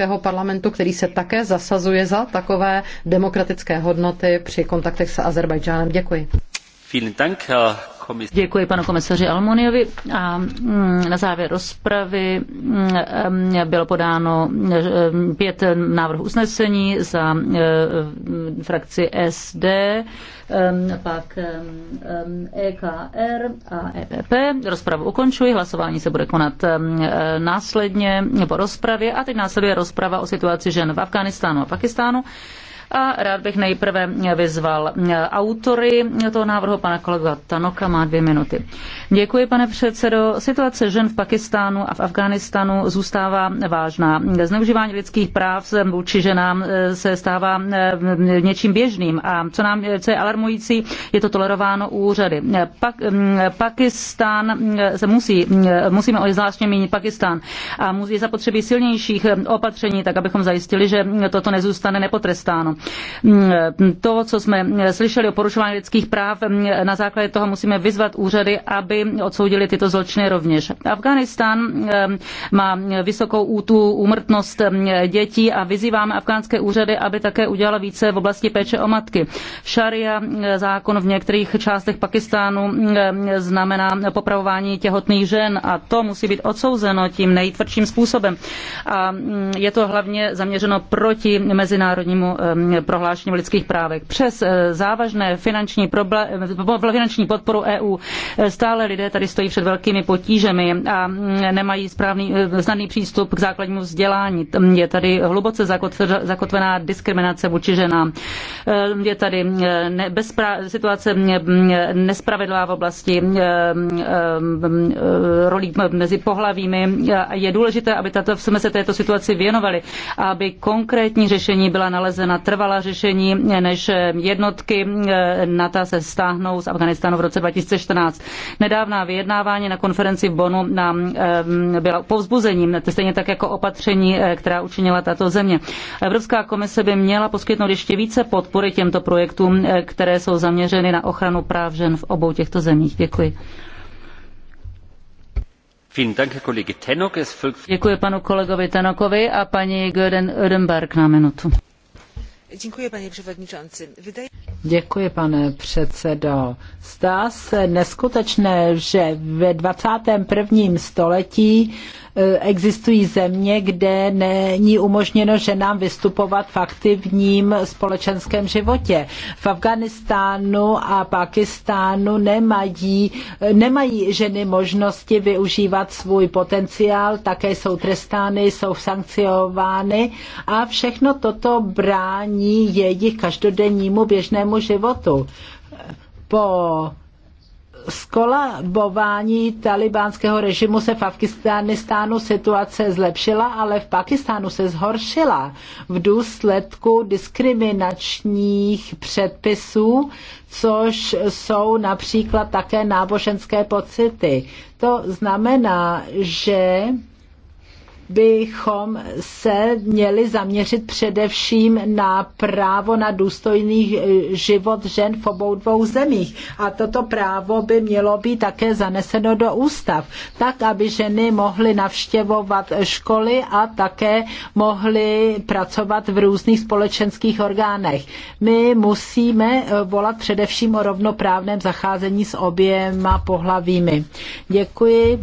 Evropského parlamentu, který se také zasazuje za takové demokratické hodnoty při kontaktech s Azerbajdžánem. Děkuji. Vielen Dank, Děkuji panu komisaři Almoniovi a mm, na závěr rozpravy mm, mm, bylo podáno pět návrhů usnesení za frakci SD, pak EKR a EPP. Rozpravu ukončuji, hlasování se bude konat následně po rozpravě a teď následuje rozprava o situaci žen v Afganistánu a Pakistánu. A rád bych nejprve vyzval autory toho návrhu, pana kolega Tanoka, má dvě minuty. Děkuji, pane předsedo. Situace žen v Pakistánu a v Afghánistánu zůstává vážná. Zneužívání lidských práv vůči ženám eh, se stává eh, něčím běžným a co nám eh, co je alarmující, je to tolerováno úřady. Pak, mm, Pakistán se musí, musíme o zvláštně mínit Pakistán a je zapotřebí silnějších opatření, tak abychom zajistili, že toto nezůstane nepotrestáno. Mm, to, co jsme slyšeli o porušování lidských práv, mm, na základě toho musíme vyzvat úřady, aby odsoudili tyto zločiny rovněž. Afghánistán mm, má vysokou útu úmrtnost dětí a vyzýváme afgánské úřady, aby také udělala více v oblasti péče o matky. Šaria zákon v některých částech Pakistánu znamená popravování těhotných žen a to musí být odsouzeno tím nejtvrdším způsobem. A je to hlavně zaměřeno proti mezinárodnímu prohlášením o lidských právech. Přes eh, závažné finanční, problé- eh, finanční podporu EU eh, stále lidé tady stojí před velkými potížemi a mm, nemají správný, snadný přístup k základnímu vzdělání. Je tady hluboce zakotvená diskriminace vůči ženám. Je tady ne, situace mm, mm, nespravedlá v oblasti rolí mezi pohlavími. Je důležité, aby tato, jsme se této situaci věnovali aby konkrétní řešení byla nalezena trvalá vypracovala řešení, než jednotky eh, NATO se stáhnou z Afganistánu v roce 2014. Nedávná vyjednávání na konferenci v Bonu nám eh, byla povzbuzením, stejně tak jako opatření, eh, která učinila tato země. Evropská komise by měla poskytnout ještě více podpory těmto projektům, které jsou zaměřeny na ochranu práv žen v obou těchto zemích. Děkuji. Děkuji panu kolegovi Tenokovi a paní Göden Ödenberg na minutu panie przewodniczący! Děkuji, pane předsedo. Zdá se neskutečné, že ve 21. století e, existují země, kde není umožněno ženám vystupovat v aktivním společenském životě. V Afganistánu a Pakistánu nemají, e, nemají ženy možnosti využívat svůj potenciál, také jsou trestány, jsou sankciovány a všechno toto brání jejich každodennímu běžnému svému životu. Po skolabování talibánského režimu se v Afganistánu situace zlepšila, ale v Pakistánu se zhoršila v důsledku diskriminačních předpisů, což jsou například také náboženské pocity. To znamená, že bychom se měli zaměřit především na právo na důstojný život žen v obou dvou zemích. A toto právo by mělo být také zaneseno do ústav, tak aby ženy mohly navštěvovat školy a také mohly pracovat v různých společenských orgánech. My musíme volat především o rovnoprávném zacházení s oběma pohlavími. Děkuji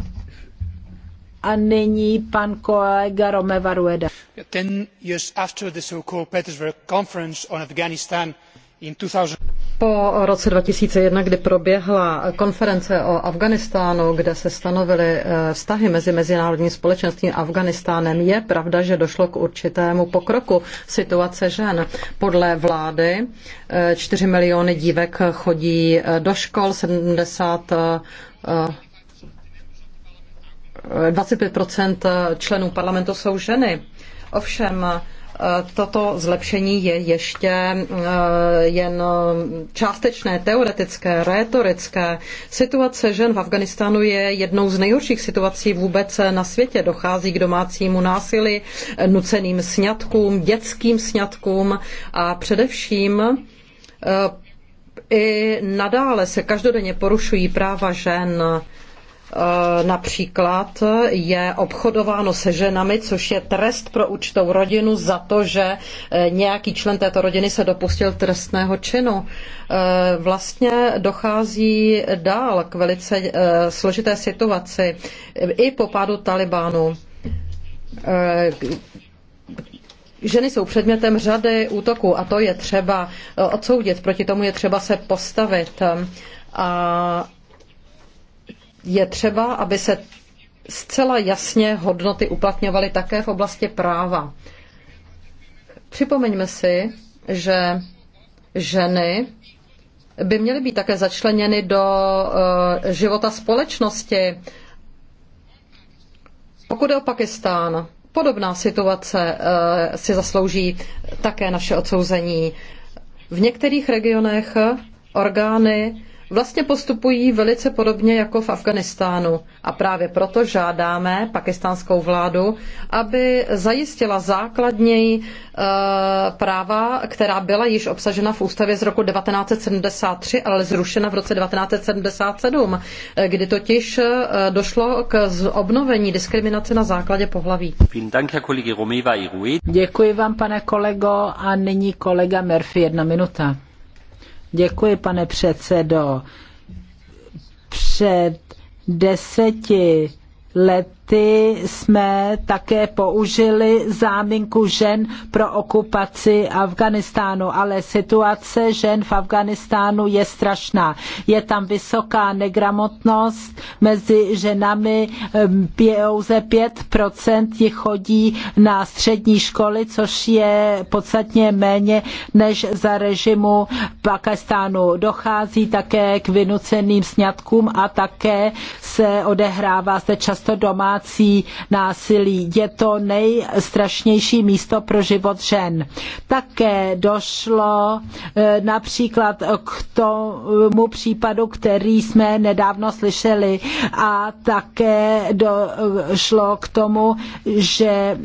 a nyní pan kolega Romeva Rueda. Ten years after the so-called Petersburg Conference on Afghanistan in 2000... Po roce 2001, kdy proběhla konference o Afganistánu, kde se stanovily eh, vztahy mezi mezinárodním společenstvím a Afganistánem, je pravda, že došlo k určitému pokroku situace žen. Podle vlády 4 eh, miliony dívek chodí eh, do škol, 70 25 členů parlamentu jsou ženy. Ovšem, toto zlepšení je ještě eh, jen částečné, teoretické, rétorické. Situace žen v Afganistánu je jednou z nejhorších situací vůbec na světě. Dochází k domácímu násilí, nuceným sňatkům, dětským sňatkům a především eh, i nadále se každodenně porušují práva žen Eh, například je obchodováno se ženami, což je trest pro určitou rodinu za to, že eh, nějaký člen této rodiny se dopustil trestného činu. Eh, vlastně dochází dál k velice složité situaci i po pádu Talibánu. Ženy jsou předmětem řady útoků a to je třeba odsoudit, proti tomu je třeba se postavit. A je třeba, aby se zcela jasně hodnoty uplatňovaly také v oblasti práva. Připomeňme si, že ženy by měly být také začleněny do eh, života společnosti. Pokud je o Pakistán, podobná situace eh, si zaslouží také naše odsouzení. V některých regionech orgány vlastně postupují velice podobně jako v Afganistánu. A právě proto žádáme pakistánskou vládu, aby zajistila základní eh, práva, která byla již obsažena v ústavě z roku 1973, ale zrušena v roce 1977, eh, kdy totiž eh, došlo k obnovení diskriminace na základě pohlaví. Děkuji vám, pane kolego, a nyní kolega Murphy, jedna minuta. Děkuji, pane předsedo. Před deseti let ty jsme také použili záminku žen pro okupaci Afganistánu, ale situace žen v Afganistánu je strašná. Je tam vysoká negramotnost mezi ženami, eh, pouze 5% jich chodí na střední školy, což je podstatně méně než za režimu Pakistánu. Dochází také k vynuceným sňatkům a také se odehrává zde často doma domácí násilí. Je to nejstrašnější místo pro život žen. Také došlo e, například k tomu případu, který jsme nedávno slyšeli a také došlo k tomu, že e,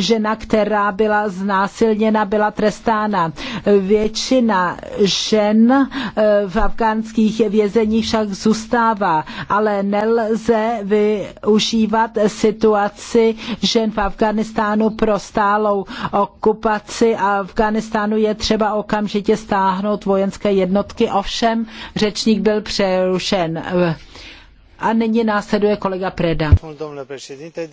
žena, která byla znásilněna, byla trestána. Většina žen e, v afgánských vězeních však zůstává, ale nelze využívat situaci žen v Afganistánu pro stálou okupaci a Afganistánu je třeba okamžitě stáhnout vojenské jednotky. Ovšem, řečník byl přerušen. A nyní následuje kolega Preda. Pane președinte,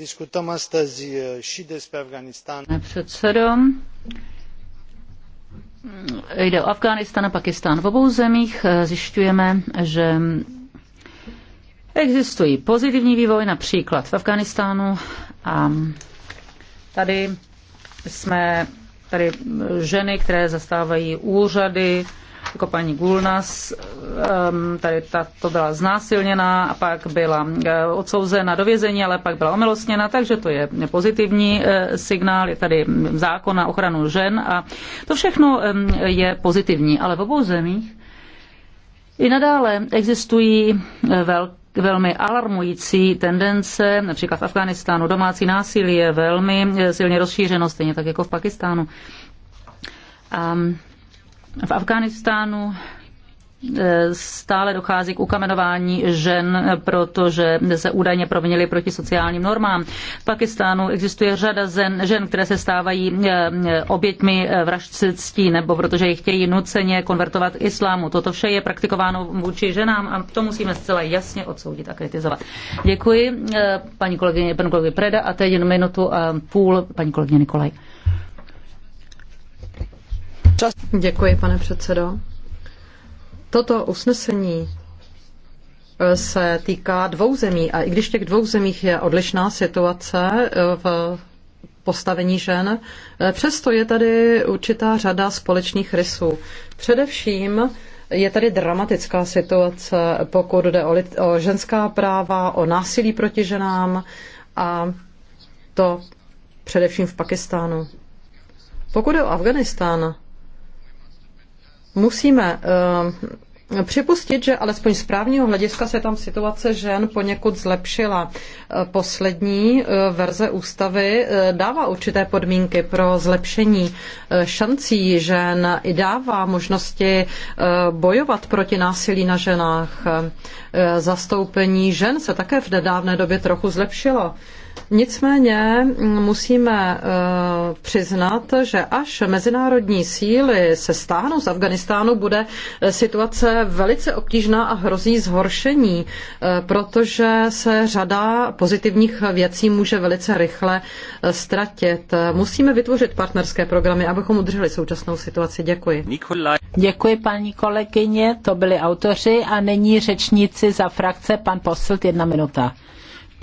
Předsedo, jde o Afghánistán a Pakistán. V obou zemích eh, zjišťujeme, že Existují pozitivní vývoj, například v Afganistánu a tady jsme tady ženy, které zastávají úřady, jako paní Gulnas, ehm, tady to byla znásilněná a pak byla eh, odsouzena do vězení, ale pak byla omilostněna, takže to je pozitivní eh, signál, je tady zákon na ochranu žen a to všechno ehm, je pozitivní, ale v obou zemích i nadále existují eh, velké velmi alarmující tendence, například v Afganistánu. Domácí násilí je velmi silně rozšířeno, stejně tak jako v Pakistánu. A v Afghánistánu stále dochází k ukamenování žen, protože se údajně provinili proti sociálním normám. V Pakistánu existuje řada žen, žen které se stávají eh, eh, oběťmi eh, vraždictví nebo protože je chtějí nuceně konvertovat k islámu. Toto vše je praktikováno vůči ženám a to musíme zcela jasně odsoudit a kritizovat. Děkuji paní kolegyně, panu kolegy Preda a teď jenom minutu a půl paní kolegyně Nikolaj. Děkuji, pane předsedo. Toto usnesení eh, se týká dvou zemí a i když v těch dvou zemích je odlišná situace eh, v postavení žen, eh, přesto je tady určitá řada společných rysů. Především je tady dramatická situace, pokud jde o, o ženská práva, o násilí proti ženám a to především v Pakistánu. Pokud jde o Afganistán, musíme eh, připustit, že alespoň z právního hlediska se tam situace žen poněkud zlepšila. Eh, poslední eh, verze ústavy dává určité podmínky pro zlepšení šancí žen i dává možnosti bojovat proti násilí na ženách. Zastoupení žen se také v nedávné době trochu zlepšilo Nicméně mm, musíme eh, přiznat, že až mezinárodní síly se stáhnou z Afganistánu, bude eh, situace velice obtížná a hrozí zhoršení, eh, protože se řada pozitivních věcí může velice rychle ztratit. Musíme vytvořit partnerské programy, abychom udrželi současnou situaci. Děkuji. Nikolaj. Děkuji, paní kolegyně. To byli autoři a nyní řečníci za frakce. Pan Poslt, jedna minuta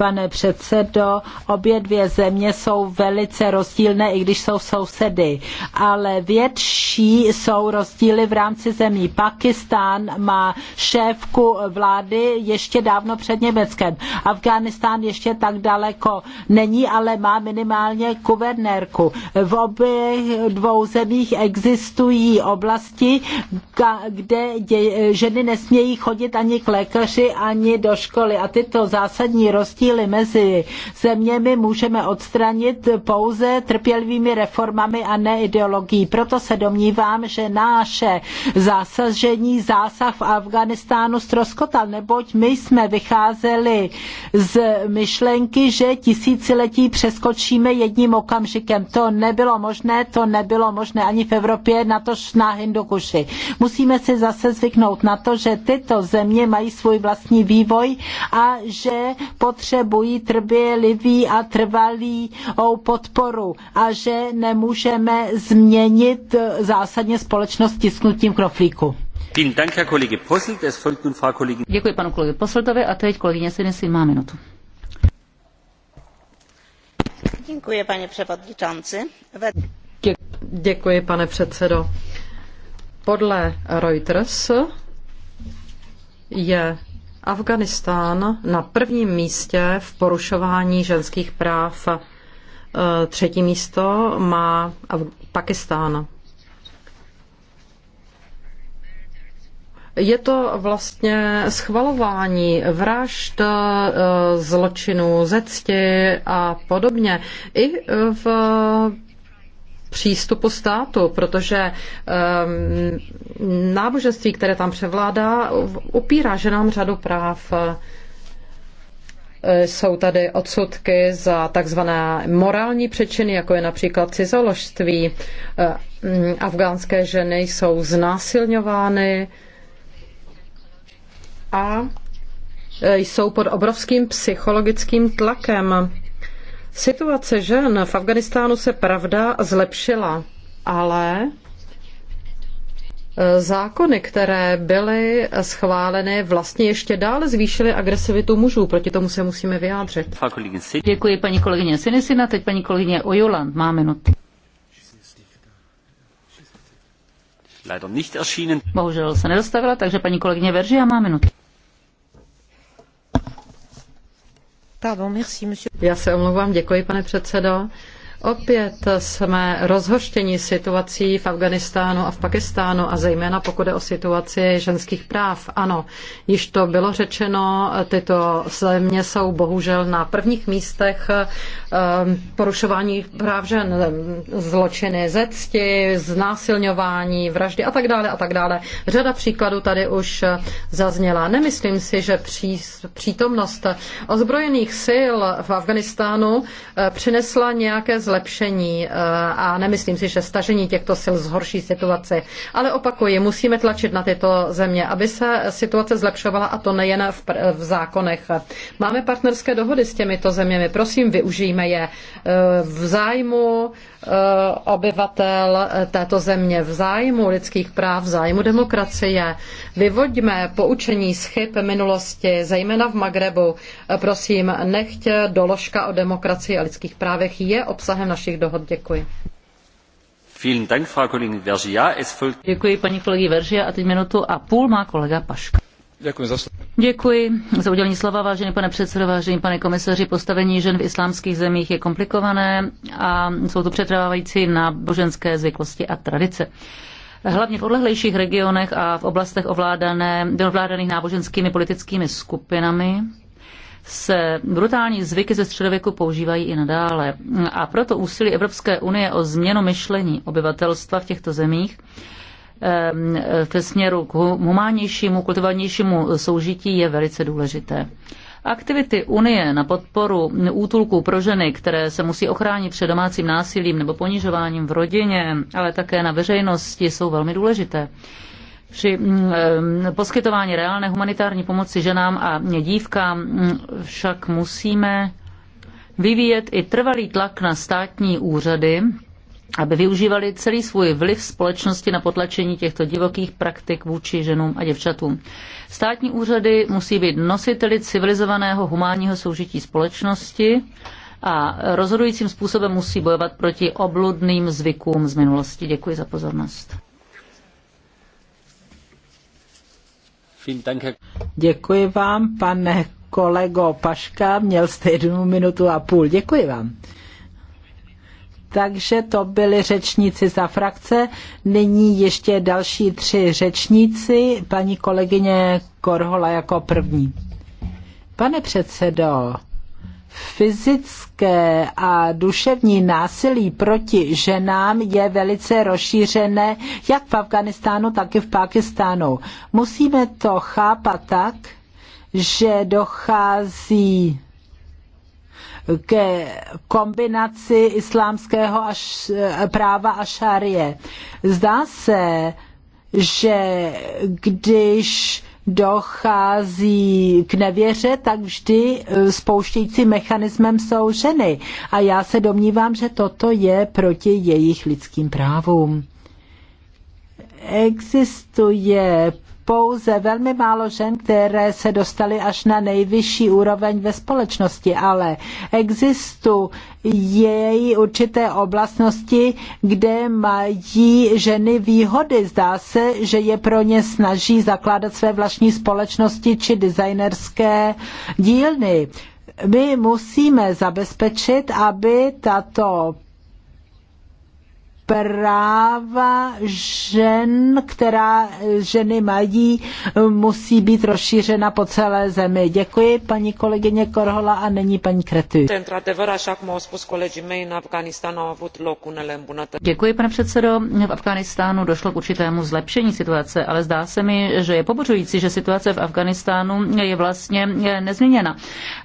pane předsedo. Obě dvě země jsou velice rozdílné, i když jsou sousedy. Ale větší jsou rozdíly v rámci zemí. Pakistán má šéfku vlády ještě dávno před Německem. Afghánistán ještě tak daleko není, ale má minimálně guvernérku. V obě dvou zemích existují oblasti, kde ženy nesmějí chodit ani k lékaři, ani do školy. A tyto zásadní rozdíly rozdíly mezi zeměmi můžeme odstranit pouze trpělivými reformami a ne ideologií. Proto se domnívám, že naše zásažení, zásah v Afganistánu ztroskotal, neboť my jsme vycházeli z myšlenky, že tisíciletí přeskočíme jedním okamžikem. To nebylo možné, to nebylo možné ani v Evropě, natož na Hindukuši. Musíme si zase zvyknout na to, že tyto země mají svůj vlastní vývoj a že potřebujeme potřebují trpělivý a trvalý podporu a že nemůžeme změnit e, zásadně společnost tisknutím knoflíku. Děkuji panu kolegovi Poseltovi a teď kolegyně Sinisy má minutu. Děkuji, pane předsedající. Děkuji, pane předsedo. Podle Reuters je Afganistán na prvním místě v porušování ženských práv. E, třetí místo má Pakistán. Je to vlastně schvalování vražd, e, zločinů ze cti a podobně. I v přístupu státu, protože um, náboženství, které tam převládá, upírá ženám řadu práv. E, jsou tady odsudky za takzvané morální přečiny, jako je například cizoložství. E, mm, afgánské ženy jsou znásilňovány a e, jsou pod obrovským psychologickým tlakem Situace žen v Afganistánu se pravda zlepšila, ale e, zákony, které byly schváleny, vlastně ještě dále zvýšily agresivitu mužů. Proti tomu se musíme vyjádřit. Děkuji paní kolegyně Sinisina, teď paní kolegyně Ojuland. Má minutu. Bohužel se nedostavila, takže paní kolegyně Veržia má minutu. Já se omlouvám, děkuji, pane předsedo. Opět jsme rozhoštěni situací v Afganistánu a v Pakistánu a zejména pokud je o situaci ženských práv. Ano, již to bylo řečeno, tyto země jsou bohužel na prvních místech ehm, porušování práv žen, zločiny ze cti, znásilňování, vraždy a tak dále a tak dále. Řada příkladů tady už zazněla. Nemyslím si, že přítomnost ozbrojených sil v Afganistánu eh, přinesla nějaké zlo zlepšení eh, a nemyslím si, že stažení těchto sil zhorší situaci. Ale opakuji, musíme tlačit na tyto země, aby se situace zlepšovala a to nejen v, v zákonech. Máme partnerské dohody s těmito zeměmi, prosím, využijme je eh, v zájmu eh, obyvatel této země, v zájmu lidských práv, v zájmu demokracie. Vyvoďme poučení z chyb minulosti, zejména v Magrebu. Prosím, nechť doložka o demokracii a lidských právech je obsahem obsahem našich dohod. Děkuji. Děkuji paní kolegy Veržia a teď minutu a půl má kolega Paška. Děkuji za slova. Děkuji za udělení slova, vážený pane předsedo, vážený pane komisaři. Postavení žen v islámských zemích je komplikované a jsou to přetrvávající na boženské zvyklosti a tradice hlavně v odlehlejších regionech a v oblastech ovládané, ovládaných náboženskými politickými skupinami se brutální zvyky ze středověku používají i nadále. A proto úsilí Evropské unie o změnu myšlení obyvatelstva v těchto zemích ve směru k humánnějšímu, kultivovanějšímu soužití je velice důležité. Aktivity Unie na podporu útulků pro ženy, které se musí ochránit před domácím násilím nebo ponižováním v rodině, ale také na veřejnosti, jsou velmi důležité. Při mm, eh, poskytování reálné humanitární pomoci ženám a dívkám mm, však musíme vyvíjet i trvalý tlak na státní úřady, aby využívali celý svůj vliv společnosti na potlačení těchto divokých praktik vůči ženům a děvčatům. Státní úřady musí být nositeli civilizovaného humánního soužití společnosti a rozhodujícím způsobem musí bojovat proti obludným zvykům z minulosti. Děkuji za pozornost. Děkuji vám, pane kolego Paška, měl jste jednu minutu a půl. Děkuji vám. Takže to byli řečníci za frakce. Nyní ještě další tři řečníci. Paní kolegyně Korhola jako první. Pane předsedo, fyzické a duševní násilí proti ženám je velice rozšířené jak v Afganistánu, tak i v Pakistánu. Musíme to chápat tak, že dochází ke kombinaci islámského práva a šarie. Zdá se, že když dochází k nevěře, tak vždy e, spouštějícím mechanismem jsou ženy. A já se domnívám, že toto je proti jejich lidským právům. Existuje pouze velmi málo žen, které se dostaly až na nejvyšší úroveň ve společnosti, ale existují určité oblastnosti, kde mají ženy výhody. Zdá se, že je pro ně snaží zakládat své vlastní společnosti či designerské dílny. My musíme zabezpečit, aby tato práva žen, která ženy mají, musí být rozšířena po celé zemi. Děkuji paní kolegyně Korhola a není paní Krety. Děkuji, pane předsedo. V Afganistánu došlo k určitému zlepšení situace, ale zdá se mi, že je pobořující, že situace v Afganistánu je vlastně nezměněna.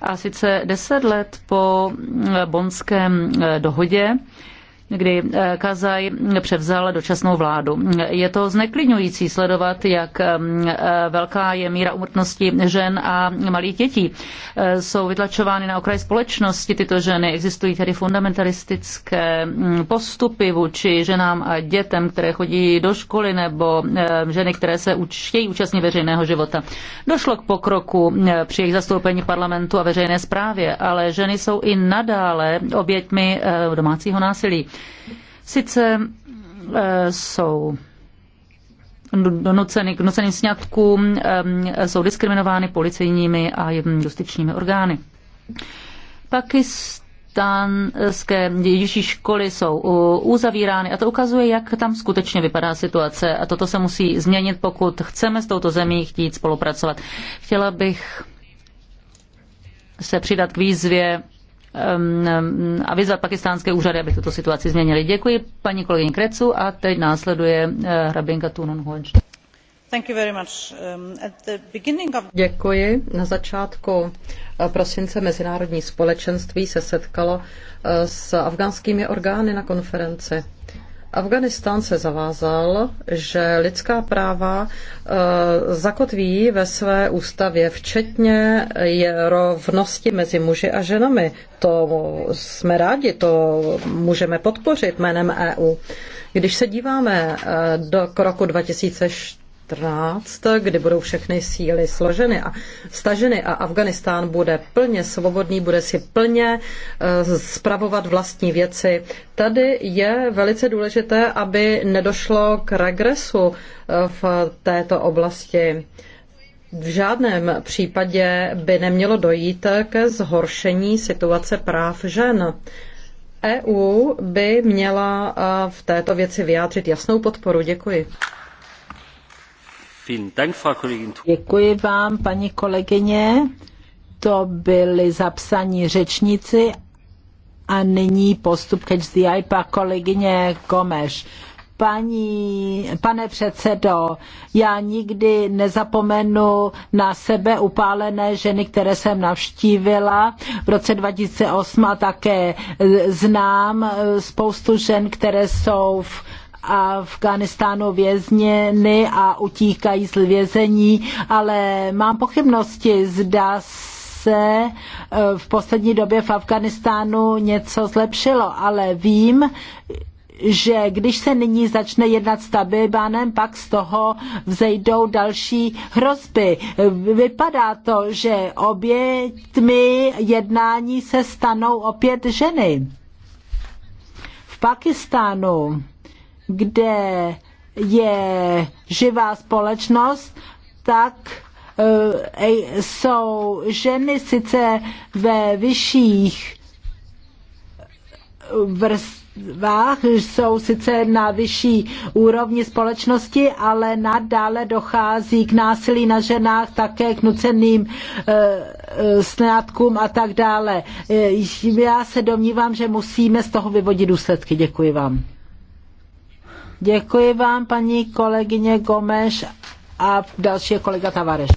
A sice deset let po eh, bonském eh, dohodě, kdy eh, Kazaj převzal dočasnou vládu. Je to zneklidňující sledovat, jak eh, velká je míra umrtnosti žen a malých dětí. Eh, jsou vytlačovány na okraj společnosti tyto ženy. Existují tedy fundamentalistické mm, postupy vůči ženám a dětem, které chodí do školy nebo ženy, které se chtějí účastnit veřejného života. Došlo k pokroku při jejich zastoupení parlamentu a veřejné správě, ale ženy jsou i nadále oběťmi domácího násilí. Sice eh, jsou donuceny k nuceným sňatkům, eh, jsou diskriminovány policejními a justičními orgány. Pakistánské dětiští školy jsou uzavírány a to ukazuje, jak tam skutečně vypadá situace a toto se musí změnit, pokud chceme s touto zemí chtít spolupracovat. Chtěla bych se přidat k výzvě Um, um, a vyzvat pakistánské úřady, aby tuto situaci změnili. Děkuji paní kolegyni Krecu a teď následuje hrabinka Tunun Honč. Děkuji. Na začátku uh, prosince mezinárodní společenství se setkalo uh, s afgánskými orgány na konferenci. Afganistán se zavázal, že lidská práva eh, zakotví ve své ústavě, včetně je rovnosti mezi muži a ženami. To jsme rádi, to můžeme podpořit jménem EU. Když se díváme eh, do roku 2004, 2014, kdy budou všechny síly složeny a staženy a Afganistán bude plně svobodný, bude si plně eh, spravovat vlastní věci. Tady je velice důležité, aby nedošlo k regresu eh, v této oblasti. V žádném případě by nemělo dojít ke zhoršení situace práv žen. EU by měla eh, v této věci vyjádřit jasnou podporu. Děkuji. Děkuji vám, paní kolegyně. To byli zapsaní řečníci a nyní postup ke HDI pa kolegyně Gomeš. Paní, pane předsedo, já nikdy nezapomenu na sebe upálené ženy, které jsem navštívila v roce 2008 a také znám spoustu žen, které jsou v Afganistánu vězněny a utíkají z vězení, ale mám pochybnosti, zda se e, v poslední době v Afganistánu něco zlepšilo, ale vím, že když se nyní začne jednat s Talibánem, pak z toho vzejdou další hrozby. Vypadá to, že obětmi jednání se stanou opět ženy. V Pakistánu kde je živá společnost, tak eh, jsou ženy sice ve vyšších vrstvách, jsou sice na vyšší úrovni společnosti, ale nadále dochází k násilí na ženách, také k nuceným eh, eh, snadkům a tak dále. Já se domnívám, že musíme z toho vyvodit důsledky. Děkuji vám. Děkuji vám, paní kolegyně Gomeš a další je kolega Tavareš.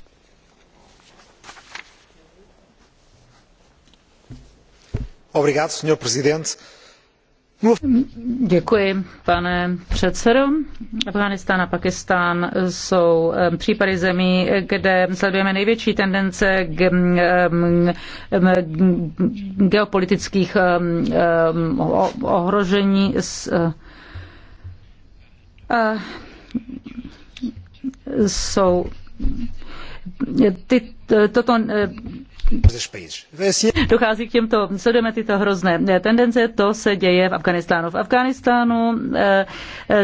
Obrigado, senhor presidente. No- Děkuji, pane předsedo. Afganistán a Pakistán jsou eh, případy zemí, kde sledujeme největší tendence k mm, eh, mm, mm, geopolitických eh, ohrožení s Eh, jsou ty, toto eh, Dochází k těmto, sledujeme tyto hrozné tendence, to se děje v Afganistánu. V Afganistánu eh,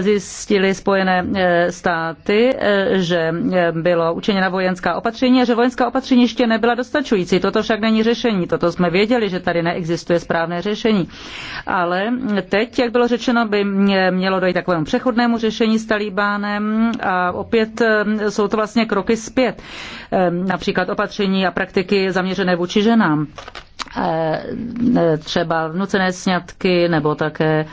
zjistili spojené eh, státy, eh, že bylo učiněna vojenská opatření a že vojenská opatření ještě nebyla dostačující. Toto však není řešení. Toto jsme věděli, že tady neexistuje správné řešení. Ale teď, jak bylo řečeno, by mělo dojít takovému přechodnému řešení s Talibánem a opět jsou to vlastně kroky zpět. Například opatření a praktiky zaměřené namířené vůči ženám. Eh, eh, třeba vnucené sňatky nebo také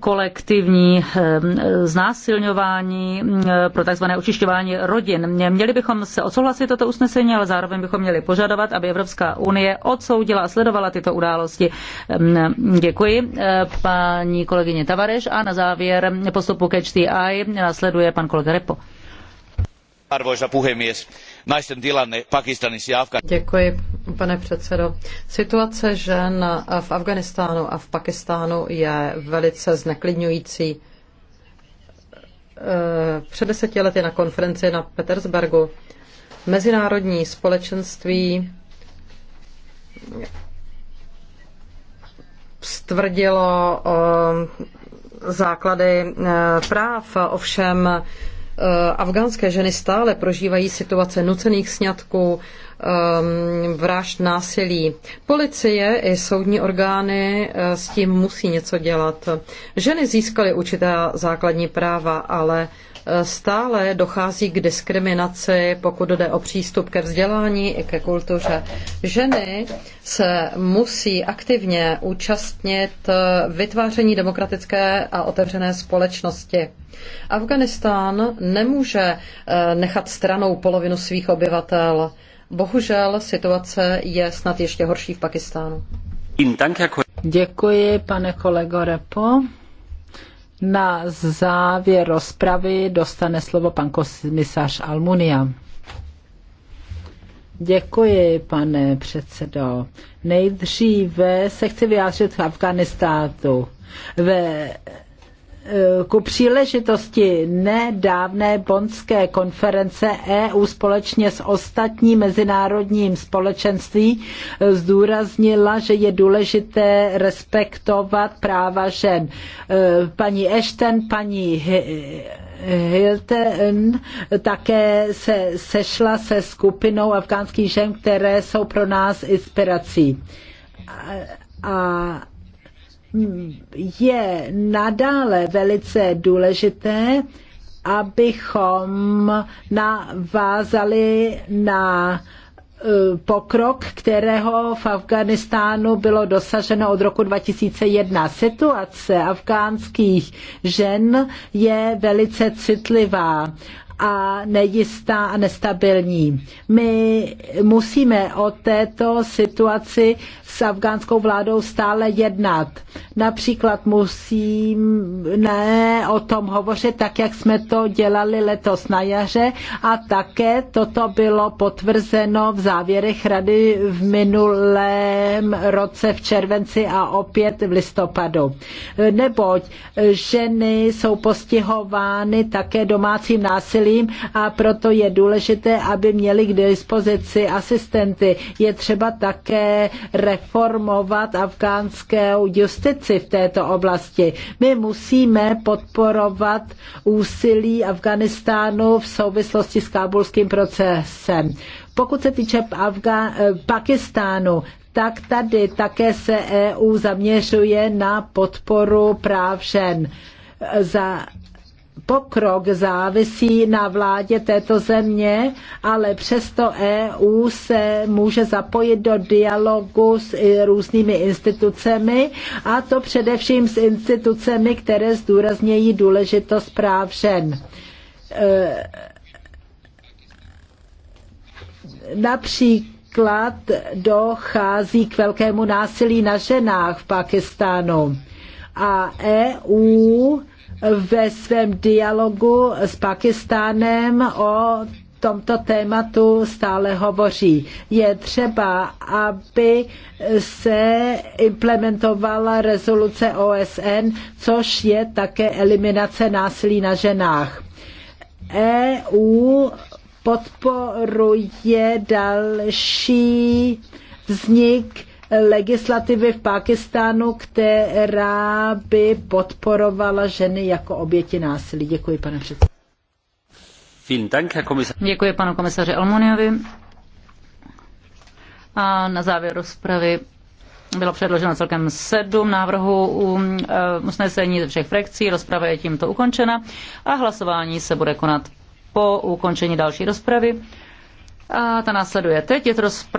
kolektivní eh, znásilňování pro tzv. očišťování rodin. Měli bychom se odsouhlasit toto usnesení, ale zároveň bychom měli požadovat, aby Evropská unie odsoudila a sledovala tyto události. Děkuji paní kolegyně Tavareš a na závěr postupu Catch the Eye pan kolega Repo arvoisa puhemies naisten tilanne pakistanissa ja afghánistánu. Situace žen v Afghánistánu a v Pakistánu je velice zneklidňující. Eh, před deseti lety na konferenci na Petersbergu mezinárodní společenství stvrdilo eh, základy eh, práv, ovšem Eh, afgánské ženy stále prožívají situace nucených sňatků, ehm, vražd, násilí. Policie i soudní orgány eh, s tím musí něco dělat. Ženy získaly určitá základní práva, ale Stále dochází k diskriminaci, pokud jde o přístup ke vzdělání i ke kultuře. Ženy se musí aktivně účastnit vytváření demokratické a otevřené společnosti. Afganistán nemůže eh, nechat stranou polovinu svých obyvatel. Bohužel situace je snad ještě horší v Pakistánu. Děkuji, pane kolego Repo. Na závěr rozpravy dostane slovo pan komisař Almunia. Děkuji, pane předsedo. Nejdříve se chci vyjádřit v Afganistátu. Ve Eh, ku příležitosti nedávné bonské konference EU společně s ostatním mezinárodním společenství eh, zdůraznila, že je důležité respektovat práva žen. Eh, paní Ešten, paní Hilton také se sešla se skupinou afgánských žen, které jsou pro nás inspirací. A, a je nadále velice důležité, abychom navázali na e, pokrok, kterého v Afganistánu bylo dosaženo od roku 2001. Situace afgánských žen je velice citlivá a nejistá a nestabilní. My musíme o této situaci s afgánskou vládou stále jednat. Například musíme o tom hovořit tak, jak jsme to dělali letos na jaře a také toto bylo potvrzeno v závěrech rady v minulém roce v červenci a opět v listopadu. Neboť ženy jsou postihovány také domácím násilím úsilím a proto je důležité, aby měli k dispozici asistenty. Je třeba také reformovat afgánskou justici v této oblasti. My musíme podporovat úsilí Afganistánu v souvislosti s kábulským procesem. Pokud se týče Afga- eh, Pakistánu, tak tady také se EU zaměřuje na podporu práv žen. Za pokrok závisí na vládě této země, ale přesto EU se může zapojit do dialogu s různými institucemi a to především s institucemi, které zdůraznějí důležitost práv žen. E, například dochází k velkému násilí na ženách v Pakistánu a EU ve svém dialogu s Pakistánem o tomto tématu stále hovoří. Je třeba, aby se implementovala rezoluce OSN, což je také eliminace násilí na ženách. EU podporuje další vznik legislativy v Pákistánu, která by podporovala ženy jako oběti násilí. Děkuji, pane předsedo. Děkuji panu komisaři Almoniovi. A na závěr rozpravy bylo předloženo celkem sedm návrhů eh, usnesení ze všech frakcí. Rozprava je tímto ukončena a hlasování se bude konat po ukončení další rozpravy. A ta následuje teď. Je to rozprava